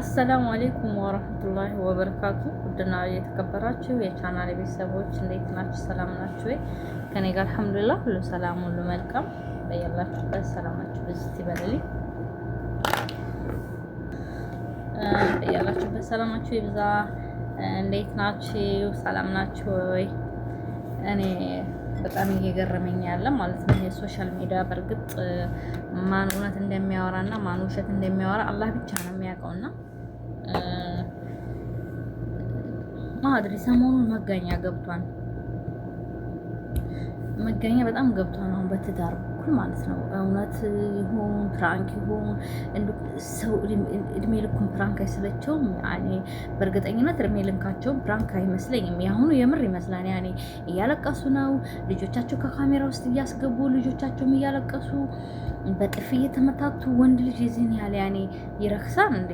አሰላሙ አሌይኩም ወረህመቱላሂ ወበረካቱ። ውድና የተከበራችሁ የቻናል ቤተሰቦች እንዴት ናችሁ? ሰላም ናችሁ ወይ? ከኔ ጋር አልሐምዱሊላህ ሁሉ ሰላም፣ ሁሉ መልካም። በያላችሁበት ሰላማችሁ ብዝት ይበልልኝ። በያላችሁበት ሰላማችሁ ይብዛ። እንዴት ናችሁ? ሰላም ናችሁ ወይ? እኔ በጣም እየገረመኝ ያለ ማለት ነው። የሶሻል ሚዲያ በእርግጥ ማን እውነት እንደሚያወራ እና ማን ውሸት እንደሚያወራ አላህ ብቻ ነው የሚያውቀው። እና ማድሪ ሰሞኑን መጋኛ ገብቷል። መገኛ በጣም ገብቶ ነው በትዳር በኩል ማለት ነው። እውነት ይሁን ፕራንክ ይሁን ሰው እድሜ ልኩን ፕራንክ አይስለቸውም። ያኔ በእርግጠኝነት እድሜ ልንካቸውም ፕራንክ አይመስለኝም። ያሁኑ የምር ይመስላል። ያኔ እያለቀሱ ነው ልጆቻቸው ከካሜራ ውስጥ እያስገቡ ልጆቻቸውም እያለቀሱ በጥፍ እየተመታቱ ወንድ ልጅ የዚህን ያህል ያኔ ይረክሳል እንዴ?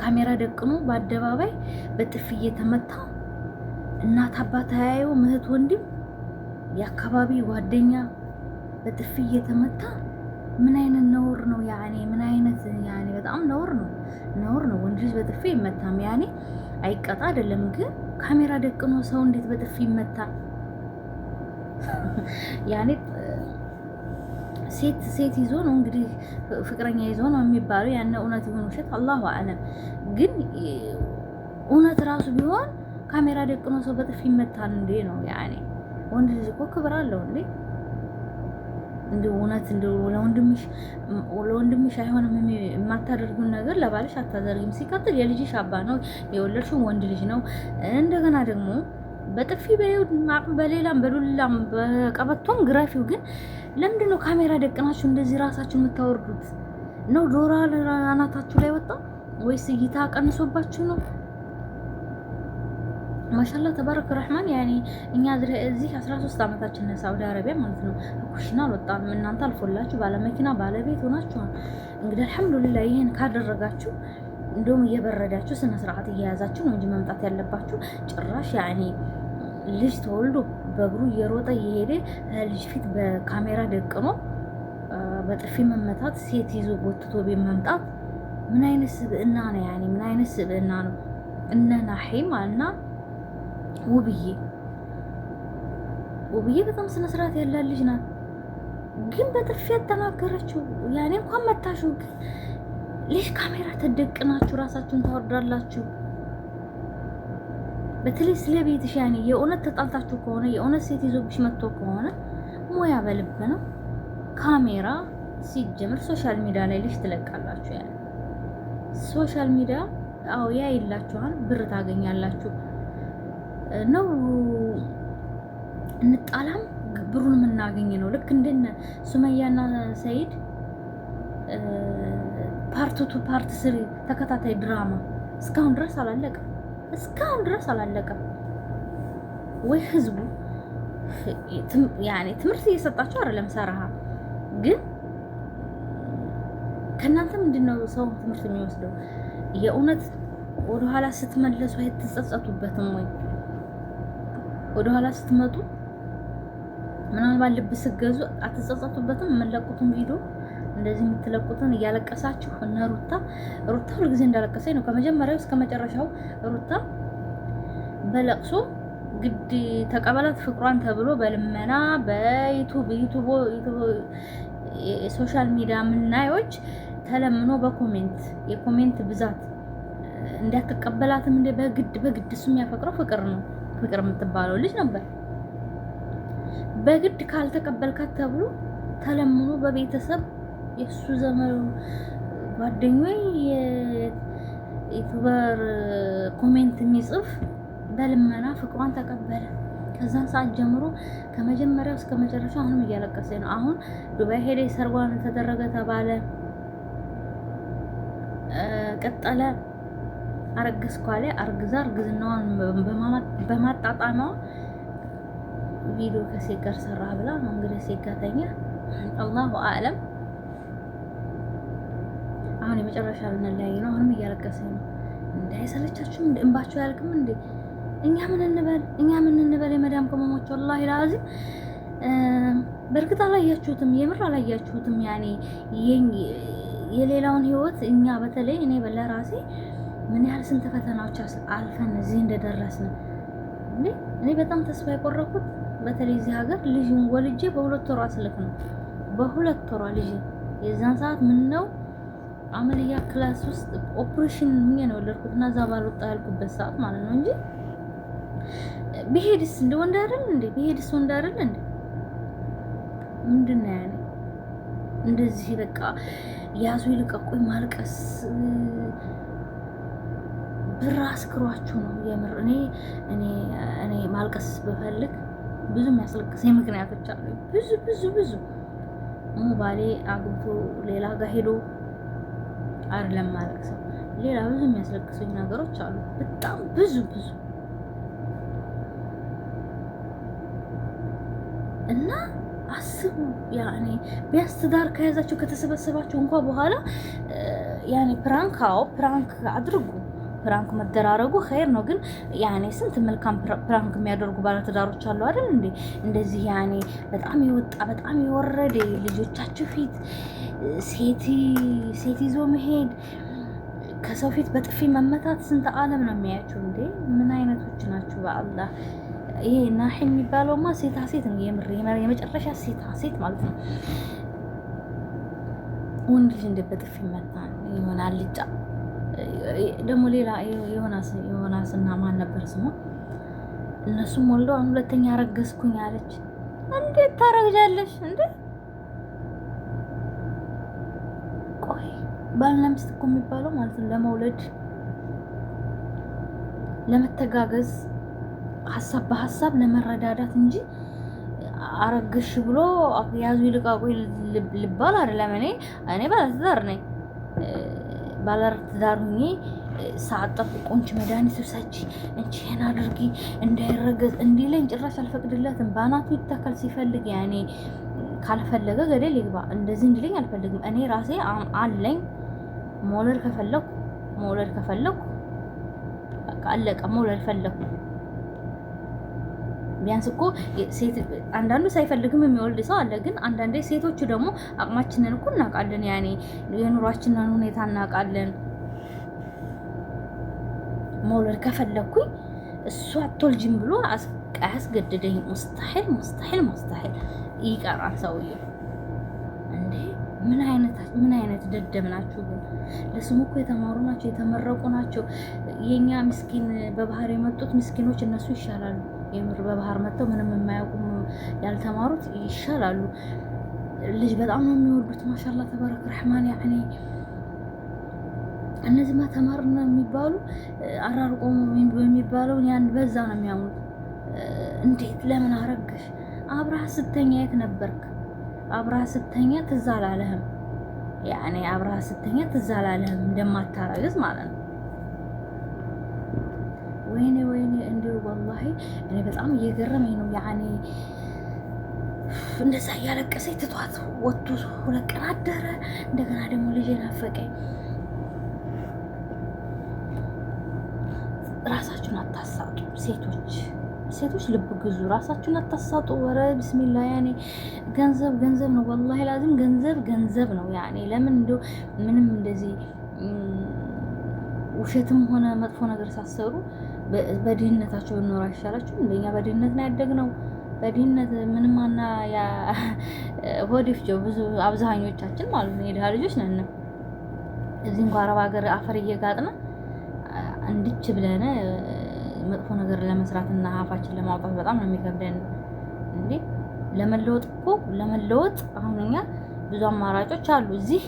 ካሜራ ደቅኖ በአደባባይ በጥፍ እየተመታ እናት አባት ተያየው ምህት ወንድም የአካባቢ ጓደኛ በጥፊ እየተመታ ምን አይነት ነውር ነው? ያኔ ምን አይነት ያኔ በጣም ነውር ነው፣ ነውር ነው። ወንድ ልጅ በጥፊ ይመታም ያኔ አይቀጣ አይደለም ግን ካሜራ ደቅኖ ሰው እንዴት በጥፊ ይመታ? ያኔ ሴት ሴት ይዞ ነው እንግዲህ ፍቅረኛ ይዞ ነው የሚባለው። ያን እውነት ይሁን ውሸት አላሁ አለም። ግን እውነት ራሱ ቢሆን ካሜራ ደቅኖ ሰው በጥፊ ይመታል እንዴ ነው ያኔ ወንድ ልጅ እኮ ክብር አለው እንዴ! እንዲ እውነት እንዲ ለወንድምሽ አይሆንም የማታደርጉን ነገር ለባልሽ አታደርጊም። ሲቀጥል የልጅሽ አባ ነው፣ የወለድሽው ወንድ ልጅ ነው። እንደገና ደግሞ በጥፊ በሌላም በዱላም በቀበቶም ግራፊው። ግን ለምንድን ነው ካሜራ ደቅናችሁ እንደዚህ ራሳችሁን የምታወርዱት? ነው ዶራ አናታችሁ ላይ ወጣ ወይስ እይታ ቀንሶባችሁ ነው? ማሻላ ተባረክ ረህማን ያኔ እኛ እዚህ 13 ዓመታችን ሳውዲ አረቢያ ማለት ነው። ኩሽና አልወጣም። እናንተ አልፎላችሁ ባለመኪና ባለቤት ሆናችኋል። እንግዲህ አልሐምዱሊላ ይህን ካደረጋችሁ እንደውም እየበረዳችሁ ስነ ስርዓት እየያዛችሁ ነው እንጂ መምጣት ያለባችሁ ጭራሽ ያኔ ልጅ ተወልዶ በእግሩ እየሮጠ እየሄደ ልጅ ፊት በካሜራ ደቅኖ በጥፊ መመታት፣ ሴት ይዞ ጎትቶ ቤት መምጣት ምን አይነት ስብዕና ነው? ያኔ ምን አይነት ስብዕና ነው? እነ ናሒ ማለትና ውብዬ ውብዬ በጣም ስነ ስርዓት ያላት ልጅ ናት። ግን በጥፊ ያተናገረችው ያኔ እንኳን መታሹ ልጅ ካሜራ ተደቅናችሁ ራሳችሁን ታወርዳላችሁ። በተለይ ስለ ቤትሽ ያኔ የእውነት ተጣልታችሁ ከሆነ የእውነት ሴት ይዞብሽ መጥቶ ከሆነ ሙያ በልብ ነው። ካሜራ ሲጀምር ሶሻል ሚዲያ ላይ ልጅ ትለቃላችሁ። ያ ሶሻል ሚዲያ አዎ ያ ይላችኋል፣ ብር ታገኛላችሁ። ነው እንጣላም ብሩን የምናገኝ ነው። ልክ እንደነ ሱመያና ሰይድ ፓርት ቱ ፓርት ስሪ ተከታታይ ድራማ እስካሁን ድረስ አላለቀም። እስካሁን ድረስ አላለቀም ወይ ህዝቡ ያኔ ትምህርት እየሰጣቸው አይደለም። ሰራሃ ግን ከእናንተ ምንድነው ሰው ትምህርት የሚወስደው? የእውነት ወደኋላ ስትመለሱ አይተጸጸቱበትም ወይ? ወደኋላ ስትመጡ ምናልባት ልብስ ስገዙ አትጸጸቱበትም። የምንለቁትን ቪዲዮ እንደዚህ የምትለቁትን እያለቀሳችሁ እነ ሩታ ሩታ ሁልጊዜ እንዳለቀሰኝ ነው ከመጀመሪያው እስከ መጨረሻው። ሩታ በለቅሶ ግድ ተቀበላት ፍቅሯን ተብሎ በልመና በዩቱብ ዩቱብ ሶሻል ሚዲያ ምናዮች ተለምኖ በኮሜንት የኮሜንት ብዛት እንዳትቀበላትም እንደ በግድ በግድ እሱ የሚያፈቅረው ፍቅር ነው። ፍቅር የምትባለው ልጅ ነበር። በግድ ካልተቀበልካት ተብሎ ተለምኖ በቤተሰብ የእሱ ዘመኑ ጓደኞይ የዩቱበር ኮሜንት የሚጽፍ በልመና ፍቅሯን ተቀበለ። ከዛን ሰዓት ጀምሮ ከመጀመሪያው እስከ መጨረሻ አሁንም እያለቀሰ ነው። አሁን ዱባይ ሄደ፣ ሰርጓን ተደረገ ተባለ፣ ቀጠለ አረገዝኩ አለ። አርግዛ እርግዝናዋን በማጣጣሟ ቪዲዮ ከሴት ጋር ሰራ ብላ ነው እንግዲህ ሴት ጋር ተኛ። አላሁ አለም። አሁን የመጨረሻ ልንለያይ ነው። አሁንም እያለቀሰኝ ነው። እንዳይሰለቻችሁም እንባችሁ ያልቅም እንዴ? እኛ ምን እንበል? እኛ ምን እንበል? የመዳም ቅመሞች ወላሂ ላዚም በእርግጥ አላያችሁትም፣ የምር አላያችሁትም። ያኔ የሌላውን ህይወት እኛ በተለይ እኔ በለራሴ ምን ያህል ስንት ፈተናዎች አልፈን እዚህ እንደደረስን እንዴ! እኔ በጣም ተስፋ የቆረኩት በተለይ እዚህ ሀገር ልጅን ወልጄ በሁለት ወሯ ስልክ ነው በሁለት ወሯ ልጅ የዛን ሰዓት ምን ነው አመልያ ክላስ ውስጥ ኦፕሬሽን ሁኜ ነው የወለድኩት እና እዛ ባልወጣ ያልኩበት ሰዓት ማለት ነው እንጂ ብሄድስ እንደ ወንድ አይደል እንዴ ብሄድስ ወንድ አይደል እንዴ ምንድን ነው ያለ እንደዚህ በቃ ያዙ ይልቀቁኝ ማልቀስ ብር አስክሯችሁ ነው። የምር እኔ እኔ ማልቀስ ብፈልግ ብዙ የሚያስለቅሰኝ ምክንያቶች አሉ። ብዙ ብዙ ብዙ ባሌ አግብቶ ሌላ ጋር ሄዶ አይደለም ማለቅሰው፣ ሌላ ብዙ የሚያስለቅሰኝ ነገሮች አሉ። በጣም ብዙ ብዙ እና አስቡ ያኔ ቢያንስ ትዳር ከያዛችሁ ከተሰበሰባችሁ እንኳ በኋላ ያኔ ፕራንክ አዎ ፕራንክ አድርጉ ፕራንክ መደራረጉ ኸይር ነው። ግን ያኔ ስንት መልካም ፕራንክ የሚያደርጉ ባለትዳሮች አሉ አይደል እንዴ? እንደዚህ ያኔ በጣም የወጣ በጣም የወረደ ልጆቻችሁ ፊት ሴት ይዞ መሄድ ከሰው ፊት በጥፊ መመታት ስንት ዓለም ነው የሚያያችሁ እንዴ? ምን አይነቶች ናችሁ? በአላህ ይሄ ናሒ የሚባለውማ ሴታ ሴት ነው። የምር የመጨረሻ ሴታ ሴት ማለት ነው። ወንድ ልጅ እንደ በጥፊ መታ ይሆናል ልጫ ደግሞ ሌላ የሆናስና ማን ነበር ስሙ? እነሱም ወልዶ አሁን ሁለተኛ ረገዝኩኝ አለች። እንዴት ታረግጃለሽ እንዴ? ቆይ ባልና ሚስት እኮ የሚባለው ማለት ነው ለመውለድ ለመተጋገዝ ሀሳብ በሀሳብ ለመረዳዳት እንጂ አረገሽ ብሎ ያዙ ይልቃቁ ልባል አይደለም። እኔ እኔ ባለትዳር ነኝ ባለር ሁኜ ሳጠፍ ቁንጭ መድኃኒት ውሰጂ እንቺ ይሄን አድርጊ እንዳይረገዝ እንዲለኝ ጭራሽ አልፈቅድለትም። በአናቱ ይተከል ሲፈልግ ያኔ ካልፈለገ ገደል ይግባ። እንደዚህ እንዲለኝ አልፈልግም። እኔ ራሴ አለኝ። መውለድ ከፈለኩ መውለድ ከፈለኩ አለቀ። መውለድ ፈለኩ ቢያንስ እኮ አንዳንዱ ሳይፈልግም የሚወልድ ሰው አለ። ግን አንዳንዴ ሴቶቹ ደግሞ አቅማችንን እኮ እናውቃለን። ያኔ የኑሯችንን ሁኔታ እናውቃለን። መውለድ ከፈለግኩኝ እሱ አቶልጅም ብሎ አያስገድደኝ። ሙስታሒል ሙስታሒል ሙስታሒል ይቀራል ሰውዬው። ምን አይነት ደደብ ናችሁ ግን! ለስሙ እኮ የተማሩ ናቸው፣ የተመረቁ ናቸው። የእኛ ምስኪን በባህር የመጡት ምስኪኖች እነሱ ይሻላሉ። የምር በባህር መጥተው ምንም የማያውቁም ያልተማሩት ይሻላሉ። ልጅ በጣም ነው የሚወዱት። ማሻላ ተባረክ ረሕማን ያዕኔ እነዚህ ተማርና የሚባሉ አራርቆ የሚባለውን ያን በዛ ነው የሚያምኑት። እንዴት ለምን አረግሽ? አብረሃ ስተኛ የት ነበርክ? አብረሃ ስተኛ ትዝ አላለህም? ያኔ አብረሃ ስተኛ ትዝ አላለህም እንደማታረግዝ ማለት ነው። ወይኔ ወይኔ፣ እንዲሁ ወላሂ እኔ በጣም እየገረመኝ ነው ያኔ እንደዛ እያለቀሰኝ ትቷት ወጥቶ ሁለት ቀን አደረ። እንደገና ደግሞ ልጅ ናፈቀኝ። ራሳችሁን አታሳጡ ሴቶች፣ ሴቶች ልብ ግዙ፣ ራሳችሁን አታሳጡ። ወረ ብስሚላ ያኔ ገንዘብ ገንዘብ ነው፣ ወላሂ ላዚም ገንዘብ ገንዘብ ነው። ያኔ ለምን እንደው ምንም እንደዚህ ውሸትም ሆነ መጥፎ ነገር ሳሰሩ በድህነታቸው ብንኖር አይሻላችሁ? እንደኛ በድህነት ነው ያደግነው። በድህነት ምንማና ያ ወዲፍ ጆ ብዙ አብዛኞቻችን ማለት ነው የድሃ ልጆች ነን። እዚህ እንኳ አረብ ሀገር አፈር እየጋጥነ እንድች ብለን መጥፎ ነገር ለመስራትና አፋችን ለማውጣት በጣም ነው የሚከብደን። እንዴ ለመለወጥ እኮ ለመለወጥ አሁን እኛ ብዙ አማራጮች አሉ እዚህ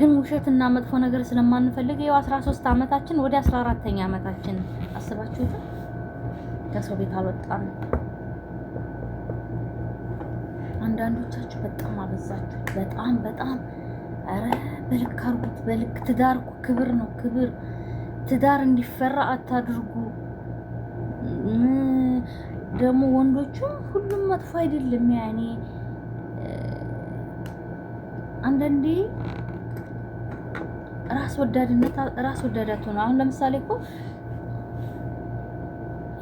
ግን ውሸት እና መጥፎ ነገር ስለማንፈልግ ይኸው 13 ዓመታችን ወደ 14ኛ ዓመታችን አስባችሁት ከሰው ቤት አልወጣም። አንዳንዶቻችሁ በጣም አበዛችሁ። በጣም በጣም ኧረ በልክ አድርጉት። በልክ ትዳር እኮ ክብር ነው። ክብር ትዳር እንዲፈራ አታድርጉ። ደግሞ ወንዶቹ ሁሉም መጥፎ አይደለም። ያኔ አንዳንዴ ራስ ወዳድነት ራስ ወዳዳት ሆነ። አሁን ለምሳሌ እኮ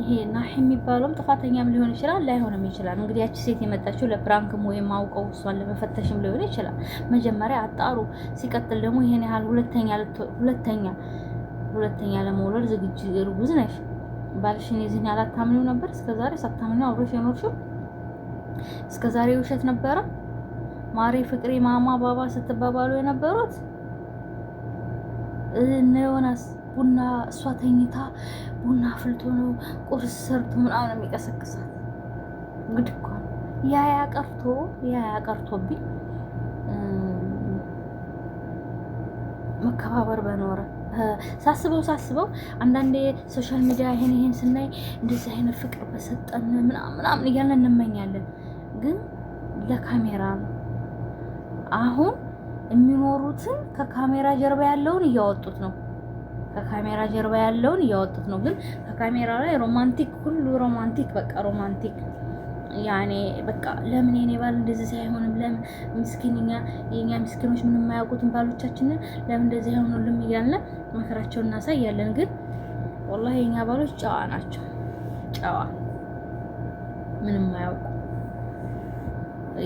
ይሄ ናህ የሚባለውም ጥፋተኛም ሊሆን ይችላል፣ ላይሆንም ይችላል። እንግዲህ ያቺ ሴት የመጣችው ለፕራንክም ወይም አውቀው እሷን ለመፈተሽም ሊሆን ይችላል። መጀመሪያ አጣሩ። ሲቀጥል ደግሞ ይሄን ያህል ሁለተኛ ሁለተኛ ሁለተኛ ለመውለድ ዝግጅ እርጉዝ ነሽ፣ ባልሽን የዚህን ያህል ነበር እስከዛሬ ሳታምኚው አብሮሽ የኖርሽው እስከዛሬ ውሸት ነበረ። ማሬ፣ ፍቅሬ፣ ማማ፣ ባባ ስትባባሉ የነበሩት እነ ዮናስ ቡና እሷ ተኝታ ቡና አፍልቶ ነው ቁርስ ሰርቶ ምናምን የሚቀሰቅሳል። ግድ እኮ ያ ያቀርቶ ያ ያቀርቶብኝ መከባበር በኖረ ሳስበው ሳስበው አንዳንዴ ሶሻል ሚዲያ ይሄን ይሄን ስናይ እንደዚህ አይነት ፍቅር በሰጠን ምናምን እያለን እንመኛለን። ግን ለካሜራ አሁን የሚኖሩትን ከካሜራ ጀርባ ያለውን እያወጡት ነው። ከካሜራ ጀርባ ያለውን እያወጡት ነው። ግን ከካሜራ ላይ ሮማንቲክ ሁሉ ሮማንቲክ በቃ ሮማንቲክ ያኔ በቃ ለምን የኔ ባል እንደዚህ ሳይሆንም ለምን ምስኪንኛ የኛ ምስኪኖች ምንም የማያውቁትን ባሎቻችንን ለምን እንደዚህ አይሆኑልም እያልን መከራቸውን እናሳያለን። ግን ወላሂ የኛ ባሎች ጨዋ ናቸው። ጨዋ ምንም አያውቁ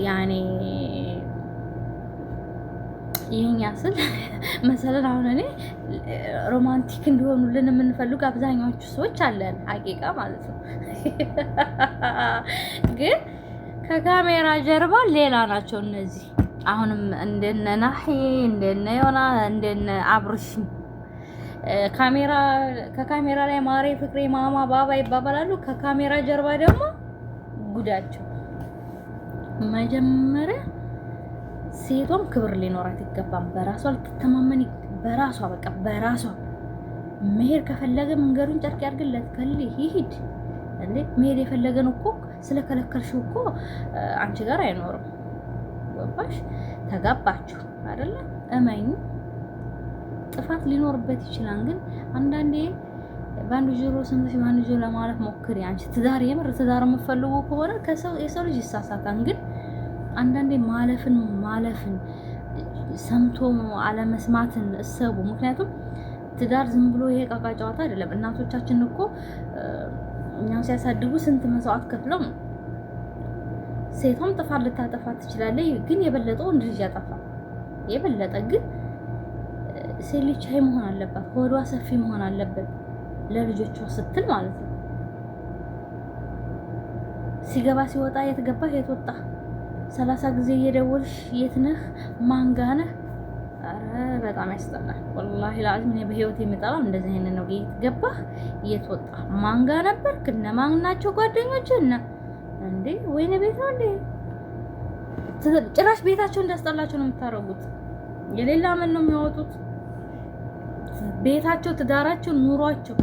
ያኔ ይህኛ ስል መሰለን አሁን እኔ ሮማንቲክ እንዲሆኑልን የምንፈልጉ አብዛኛዎቹ ሰዎች አለን፣ ሀቂቃ ማለት ነው። ግን ከካሜራ ጀርባ ሌላ ናቸው እነዚህ። አሁንም እንደነ ናሂ እንደነ ዮና እንደነ አብርሽ ካሜራ ከካሜራ ላይ ማሬ፣ ፍቅሬ፣ ማማ፣ ባባ ይባባላሉ። ከካሜራ ጀርባ ደግሞ ጉዳቸው መጀመሪያ ሴቷም ክብር ሊኖራት ይገባም። በራሷ ልትተማመን በራሷ በቃ በራሷ መሄድ ከፈለገ መንገዱን ጨርቅ ያድርግለት፣ ከል ይሂድ መሄድ የፈለገን እኮ ስለከለከልሽው እኮ አንቺ ጋር አይኖርም። ገባሽ? ተጋባችሁ አይደለ? እመኝ ጥፋት ሊኖርበት ይችላል። ግን አንዳንዴ በአንዱ ጆሮ ስንት በአንዱ ጆሮ ለማለት ሞክሪ። አንቺ ትዳር የምር ትዳር የምፈልጉ ከሆነ የሰው ልጅ ይሳሳታል ግን አንዳንዴ ማለፍን ማለፍን ሰምቶ አለመስማትን እሰቡ። ምክንያቱም ትዳር ዝም ብሎ ይሄ ቃቃ ጨዋታ አይደለም። እናቶቻችን እኮ እኛም ሲያሳድጉ ስንት መስዋዕት ከፍለው ሴቷም ጥፋት ልታጠፋ ትችላለች፣ ግን የበለጠ ወንድ ልጅ ያጠፋ የበለጠ ግን ሴት ልጅ ቻይ መሆን አለባት። ሆዷ ሰፊ መሆን አለበት ለልጆቿ ስትል ማለት ነው። ሲገባ ሲወጣ የት ገባ የት ወጣ ሰላሳ ጊዜ እየደወልሽ የት ነህ ማንጋ ነህ? ኧረ በጣም ያስጠላል። ወላሂ ለአዝም እኔ በህይወት የምጠላው እንደዚህ አይነት ነው። የት ገባህ የት ወጣ ማንጋ ነበርክ? እነማን ናቸው ጓደኞች? እና እንዴ ወይኔ ቤት ነው እንዴ ጭራሽ ቤታቸው እንዳስጠላቸው ነው የምታደርጉት የሌላ ምን ነው የሚያወጡት። ቤታቸው፣ ትዳራቸው፣ ኑሯቸው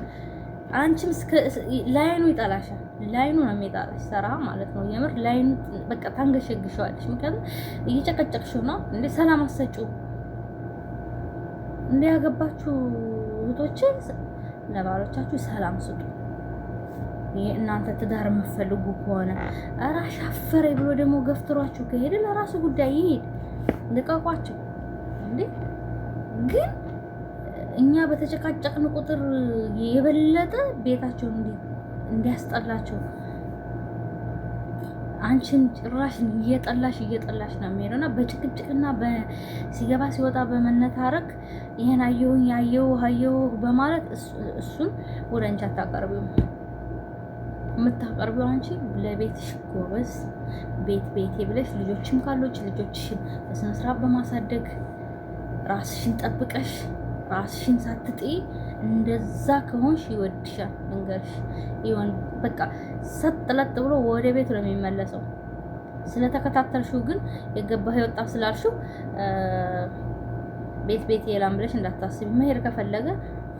አንቺም ላይኑ ይጠላሻል። ላይኑ ነው የሚጣልሽ ሰራ ማለት ነው። የምር ላይኑ በቃ ታንገሸግሸዋለች። ምክንያቱም እየጨቀጨቅሽው ነው እንደ ሰላም አሰጩ እንደ ያገባችሁ እህቶች ለባሎቻችሁ ሰላም ስጡ። እናንተ ትዳር የምትፈልጉ ከሆነ ራሽ አፈሬ ብሎ ደግሞ ገፍትሯችሁ ከሄደ ለራሱ ጉዳይ ይሄድ ልቀቋቸው እንዴ። ግን እኛ በተጨቃጨቅን ቁጥር የበለጠ ቤታቸውን እንዴት እንዲያስጠላቸው አንቺን ጭራሽ እየጠላሽ እየጠላሽ ነው የሚሄደው እና በጭቅጭቅና ሲገባ ሲወጣ በመነታረክ ይህን አየሁኝ ያየሁ አየሁ በማለት እሱን ወደ አንቺ አታቀርቢውም። የምታቀርቢው አንቺ ለቤትሽ ጎበዝ ቤት ቤቴ ብለሽ ልጆችም ካሎች ልጆችሽን በስነስርዓት በማሳደግ ራስሽን ጠብቀሽ ራስሽን ሳትጤ እንደዛ ከሆንሽ ይወድሻል። ልንገርሽ ይሆን በቃ ሰጥለጥ ብሎ ወደ ቤት ነው የሚመለሰው። ስለተከታተልሽው ግን የገባህ የወጣ ስላልሽው ቤት ቤት የላም ብለሽ እንዳታስቢ። መሄድ ከፈለገ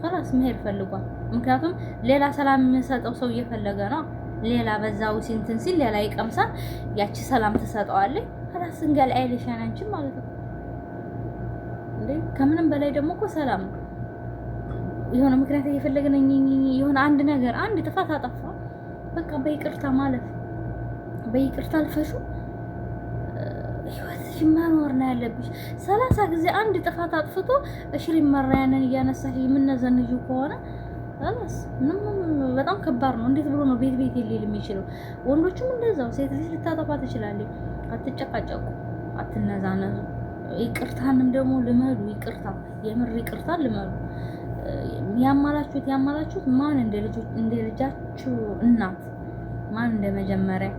ከራስ መሄድ ፈልጓል። ምክንያቱም ሌላ ሰላም የሚሰጠው ሰው እየፈለገ ነው። ሌላ በዛው ሲንትን ሲል ሌላ ይቀምሳል። ያቺ ሰላም ትሰጠዋለች። ከራስ እንገል አይልሻን አንቺ ማለት ነው እንዴ ከምንም በላይ ደግሞ እኮ ሰላም ነው። የሆነ ምክንያት እየፈለግን የሆነ አንድ ነገር አንድ ጥፋት አጠፋ፣ በቃ በይቅርታ ማለት በይቅርታ አልፈሹ ህይወትሽ መኖር ነው ያለብሽ። ሰላሳ ጊዜ አንድ ጥፋት አጥፍቶ እሽሪ መራ ያንን እያነሳሽ የምነዘንጁ ከሆነ ስ በጣም ከባድ ነው። እንዴት ብሎ ነው ቤት ቤት ሊል የሚችለው? ወንዶችም እንደዛው ሴት ልጅ ልታጠፋ ትችላለች። አትጨቃጨቁ፣ አትነዛነዙ። ይቅርታንም ደግሞ ልመዱ። ይቅርታ የምር ይቅርታ ልመዱ። ያማላችሁት ያማላችሁት ማን እንደ ልጃችሁ እናት ማን እንደ መጀመሪያ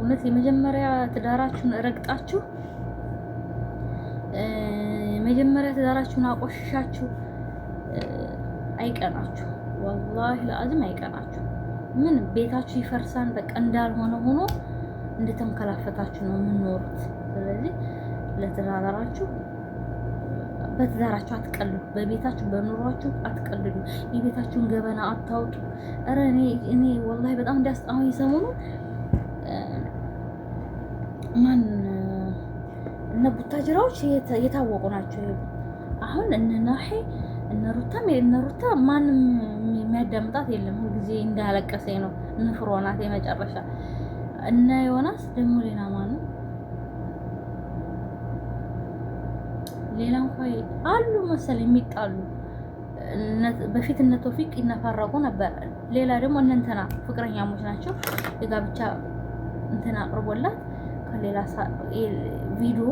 እውነት የመጀመሪያ ትዳራችሁን ረግጣችሁ መጀመሪያ ትዳራችሁን አቆሽሻችሁ አይቀናችሁ። ወላሂ ለአዝም አይቀናችሁ። ምን ቤታችሁ ይፈርሳን በቃ እንዳልሆነ ሆኖ እንደተንከላፈታችሁ ነው የምንኖሩት። ስለዚህ ለትዳራችሁ በትዳራችሁ አትቀልዱ። በቤታችሁ በኑሯችሁ አትቀልዱ። የቤታችሁን ገበና አታውጡ። ኧረ እኔ እኔ ወላሂ በጣም እንዲያስጣሁኝ ሰሞኑ ማን እነ ቡታጅራዎች የታወቁ ናቸው። አሁን እነ ናሂ እነ ሩታም እነ ሩታ ማንም የሚያዳምጣት የለም። ሁልጊዜ እንዳለቀሰኝ ነው። እነ ፍሮናት የመጨረሻ እነ ዮናስ ደግሞ ሌላ ማነው ሌላ እንኳ አሉ መሰል የሚጣሉ በፊት እነ ቶፊቅ ይነፋረቁ ነበር። ሌላ ደግሞ እነ እንትና ፍቅረኛሞች ናቸው። የጋብቻ እንትን አቅርቦላት ከሌላ ቪዲዮ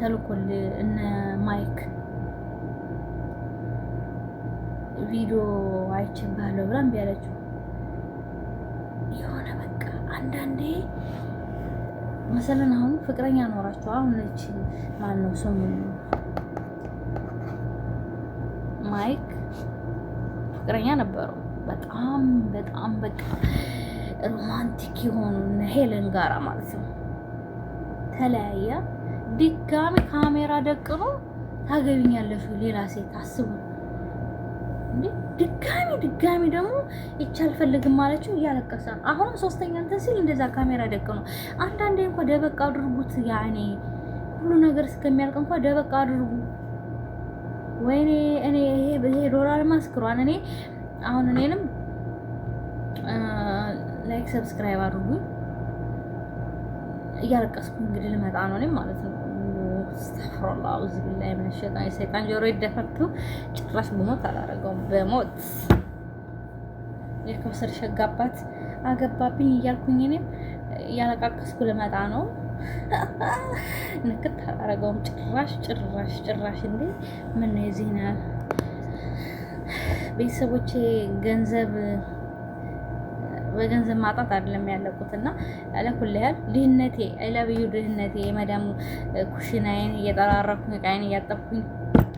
ተልኮል እነ ማይክ ቪዲዮ አይችባለሁ ብላ እምቢ አለችው። የሆነ በቃ አንዳንዴ መሰለን አሁን ፍቅረኛ ኖራቸው አሁን ነች ማን ነው ሰሙን ማይክ ፍቅረኛ ነበረው። በጣም በጣም በቃ ሮማንቲክ የሆኑ ሄለን ጋራ ማለት ነው። ተለያየ። ድጋሚ ካሜራ ደቅኖ ታገቢኛለሽ ሌላ ሴት አስቡ። ድጋሚ ድጋሚ ደግሞ ይቺ አልፈልግም ማለችው እያለቀሰ ነው። አሁንም ሶስተኛ እንትን ሲል እንደዛ ካሜራ ደቅኖ አንዳንዴ እንኳ ደበቅ አድርጉት ያኔ ሁሉ ነገር እስከሚያልቅ እንኳ ደበቅ አድርጉ። ወይኔ እኔ ይሄ ዶላር ማስክሯን እኔ አሁን እኔንም ላይክ ሰብስክራይብ አድርጉኝ። እያለቀስኩ እንግዲህ ልመጣ ነው እኔም ማለት ነው። አስተፍሮላ አውዝ ቢላይ ምን ሸጣን የሰይጣን ጆሮ ይደፈቱ። ጭራሽ በሞት አላረገውም። በሞት የከውሰር ሸጋባት አገባብኝ እያልኩኝ እኔም እያለቃቀስኩ ልመጣ ነው። ንክት አላረገውም። ጭራሽ ጭራሽ ጭራሽ እንዴ! ምን ነው የዚህን ያህል ቤተሰቦቼ ገንዘብ በገንዘብ ማጣት አይደለም ያለቁት እና ለኩል ያህል ድህነቴ አይለብዩ ድህነቴ የመዳም ኩሽናዬን እየጠራረኩኝ እቃዬን እያጠብኩኝ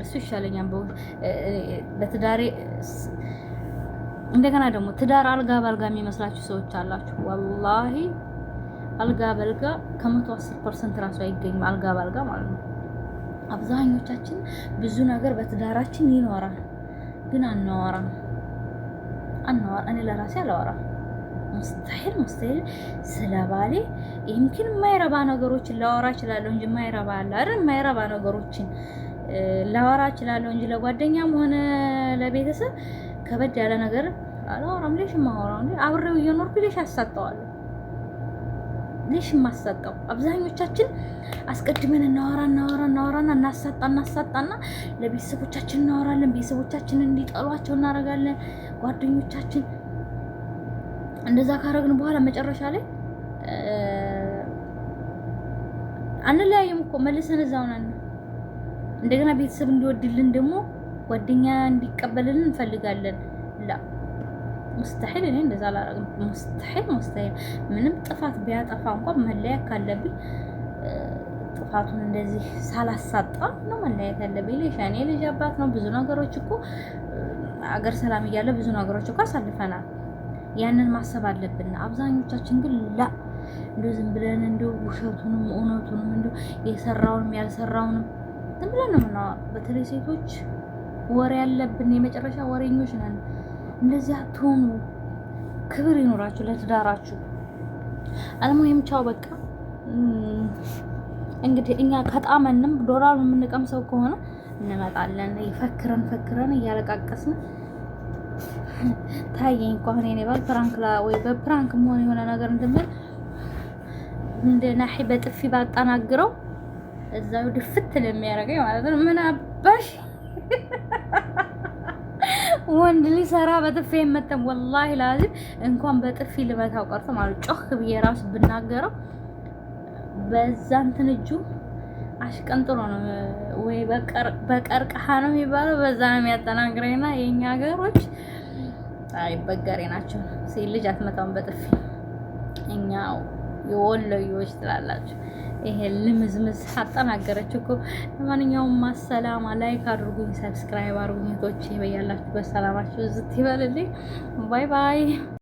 እሱ ይሻለኛል። በትዳሬ እንደገና ደግሞ ትዳር አልጋ በአልጋ የሚመስላችሁ ሰዎች አላችሁ። ወላሂ አልጋ በልጋ ከመቶ አስር ፐርሰንት ራሱ አይገኝም። አልጋ በልጋ ማለት ነው። አብዛኞቻችን ብዙ ነገር በትዳራችን ይኖራል፣ ግን አናወራም። አናወራ እኔ ለራሴ አላወራም። ሙስታሂል ሙስታሂል ስለ ባሌ ይምኪን የማይረባ ነገሮችን ላወራ እችላለሁ እንጂ የማይረባ አለ አይደል? የማይረባ ነገሮችን ላወራ እችላለሁ እንጂ ለጓደኛም ሆነ ለቤተሰብ ከበድ ያለ ነገር አላወራም። ሌሽ የማወራው እንዴ? አብሬው እየኖርኩ ሌሽ አሳጠዋለሁ ትንሽ የማሳቀው አብዛኞቻችን አስቀድመን እናወራ እናወራ እናወራና እናሳጣ እናሳጣና ለቤተሰቦቻችን እናወራለን። ቤተሰቦቻችን እንዲጠሏቸው እናደርጋለን። ጓደኞቻችን እንደዛ ካረግን በኋላ መጨረሻ ላይ አንለያይም እኮ መልሰን እዛው ነን። እንደገና ቤተሰብ እንዲወድልን ደግሞ ጓደኛ እንዲቀበልን እንፈልጋለን ላ ሙስተሒል እኔ እንደዛ አላረግም። ሙስተሒል ሙስተሒል ምንም ጥፋት ቢያጠፋ እንኳን መለያየት ካለብኝ ጥፋቱን እንደዚህ ሳላሳጣ ነው መለያየት ያለብኝ። ልጅ እኔ ልጅ አባት ነው። ብዙ ነገሮች እኮ አገር ሰላም እያለ ብዙ ነገሮች እኮ አሳልፈናል። ያንን ማሰብ አለብን። አብዛኞቻችን ግን ላ እንደ ዝም ብለን እንደ ውሸቱንም እውነቱንም እንደ የሰራውንም ያልሰራውንም ዝም ብለን ነው ምናዋ። በተለይ ሴቶች ወሬ ያለብን የመጨረሻ ወሬኞች ነን። እንደዚህ አትሆኑ። ክብር ይኖራችሁ ለትዳራችሁ። አልሙሂም ቻው በቃ እንግዲህ እኛ ከጣመንም ዶላሩ የምንቀምሰው ከሆነ እንመጣለን። ይፈክረን ፈክረን እያለቃቀስን ታየኝ እኮ አሁን የኔ ባል ፕራንክ ወይ በፕራንክ መሆን የሆነ ነገር እንድምል እንደ ናሒ በጥፊ ባጠናግረው እዛው ድፍት ነው ማለት ነው። ምን አባሽ ወንድ ልጅ ሰራ በጥፊ አይመታም። ወላሂ ላዚም እንኳን በጥፊ ልመታው ቀርቶ ማለት ጮህ ብዬ ራሱ ብናገረው በዛ እንትን እጁ አሽቀንጥሮ ነው ወይ በቀርቀሃ ነው የሚባለው፣ በዛ ነው የሚያጠናግረኝና የእኛ ሀገሮች አይበገሬ ናቸው። ሴት ልጅ አትመታውን በጥፊ እኛ የወሎዮች ትላላችሁ። ይሄ ልምዝምዝ አጠናገረች እኮ። ለማንኛውም ማሰላም ላይክ አድርጉኝ፣ ሰብስክራይብ አድርጉኝ። ቶች በያላችሁበት በሰላማችሁ ዝት ይበልልኝ። ባይ ባይ።